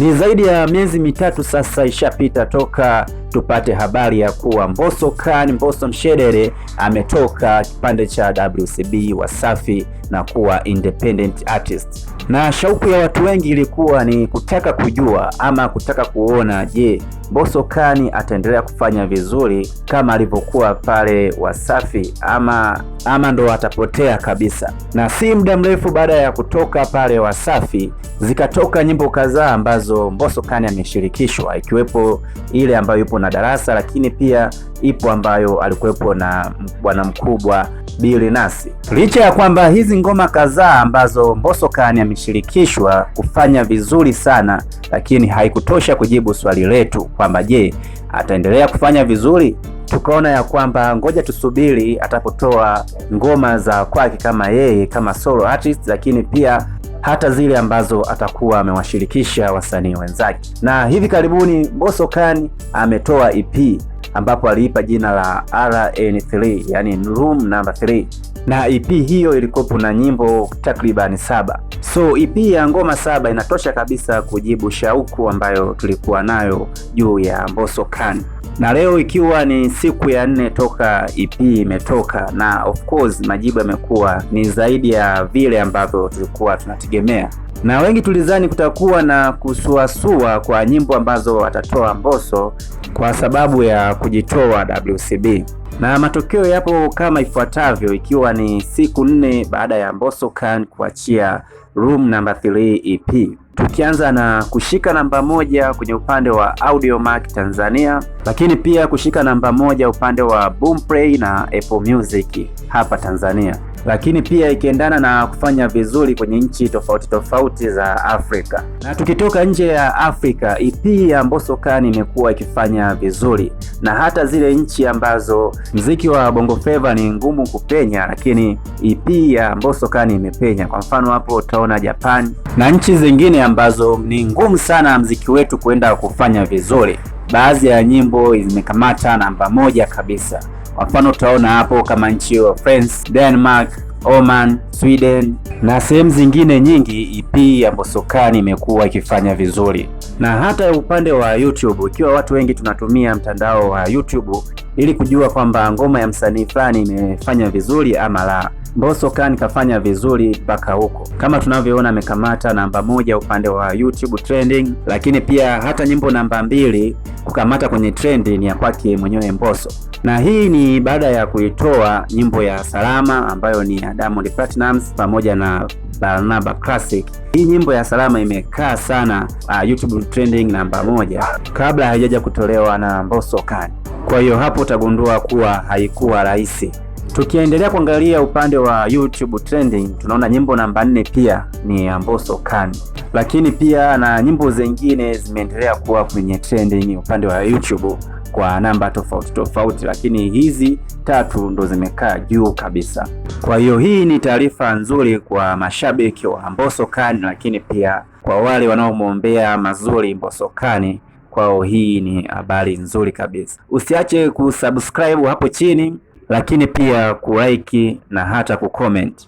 Ni zaidi ya miezi mitatu sasa ishapita toka tupate habari ya kuwa Mbosso Khan Mbosso Mshedere ametoka kipande cha WCB Wasafi na kuwa independent artist na shauku ya watu wengi ilikuwa ni kutaka kujua ama kutaka kuona, je, Mbosso Khan ataendelea kufanya vizuri kama alivyokuwa pale Wasafi ama, ama ndo atapotea kabisa. Na si muda mrefu baada ya kutoka pale Wasafi zikatoka nyimbo kadhaa ambazo Mbosso Khan ameshirikishwa, ikiwepo ile ambayo ipo na Darasa, lakini pia ipo ambayo alikuwepo na Bwana Mkubwa Bili nasi. Licha ya kwamba hizi ngoma kadhaa ambazo Mbosso Khan ameshirikishwa kufanya vizuri sana, lakini haikutosha kujibu swali letu kwamba je, ataendelea kufanya vizuri. Tukaona ya kwamba ngoja tusubiri atapotoa ngoma za kwake kama yeye kama solo artist, lakini pia hata zile ambazo atakuwa amewashirikisha wasanii wenzake. Na hivi karibuni Mbosso Khan ametoa EP ambapo aliipa jina la RN3, yani room number 3, na EP hiyo ilikuwepo na nyimbo takribani saba. So EP ya ngoma saba inatosha kabisa kujibu shauku ambayo tulikuwa nayo juu ya Mbosso Khan na leo ikiwa ni siku ya nne toka EP imetoka, na of course majibu yamekuwa ni zaidi ya vile ambavyo tulikuwa tunategemea na wengi tulizani kutakuwa na kusuasua kwa nyimbo ambazo watatoa Mbosso kwa sababu ya kujitoa WCB, na matokeo yapo kama ifuatavyo, ikiwa ni siku nne baada ya Mbosso Khan kuachia Room Number 3 EP. Tukianza na kushika namba moja kwenye upande wa Audiomack Tanzania, lakini pia kushika namba moja upande wa Boomplay na Apple Music hapa Tanzania lakini pia ikiendana na kufanya vizuri kwenye nchi tofauti tofauti za Afrika. Na tukitoka nje ya Afrika, EP ya Mbosso Khan imekuwa ikifanya vizuri na hata zile nchi ambazo mziki wa Bongo Flava ni ngumu kupenya, lakini EP ya Mbosso Khan imepenya. Kwa mfano hapo utaona Japan na nchi zingine ambazo ni ngumu sana mziki wetu kuenda kufanya vizuri, baadhi ya nyimbo zimekamata namba moja kabisa. Kwa mfano tutaona hapo kama nchi ya France, Denmark, Oman, Sweden na sehemu zingine nyingi, EP ya Mbosokani imekuwa ikifanya vizuri, na hata upande wa YouTube, ikiwa watu wengi tunatumia mtandao wa YouTube ili kujua kwamba ngoma ya msanii fulani imefanya vizuri ama la Mbosso kani kafanya vizuri mpaka huko, kama tunavyoona amekamata namba moja upande wa YouTube trending, lakini pia hata nyimbo namba mbili kukamata kwenye trendi ni ya kwake mwenyewe Mbosso, na hii ni baada ya kuitoa nyimbo ya Salama ambayo ni ya Diamond Platnumz pamoja na Barnaba Classic. Hii nyimbo ya Salama imekaa sana uh, YouTube trending namba moja kabla haijaja kutolewa na Mbosso kani Kwa hiyo hapo utagundua kuwa haikuwa rahisi. Tukiendelea kuangalia upande wa YouTube trending, tunaona nyimbo namba nne pia ni Amboso Khan, lakini pia na nyimbo zingine zimeendelea kuwa kwenye trending upande wa YouTube kwa namba tofauti tofauti, lakini hizi tatu ndo zimekaa juu kabisa. Kwa hiyo hii ni taarifa nzuri kwa mashabiki wa Mbosso Khan, lakini pia kwa wale wanaomwombea mazuri Mbosso Khan, kwao hii ni habari nzuri kabisa. Usiache kusubscribe hapo chini lakini pia kulike na hata kucomment.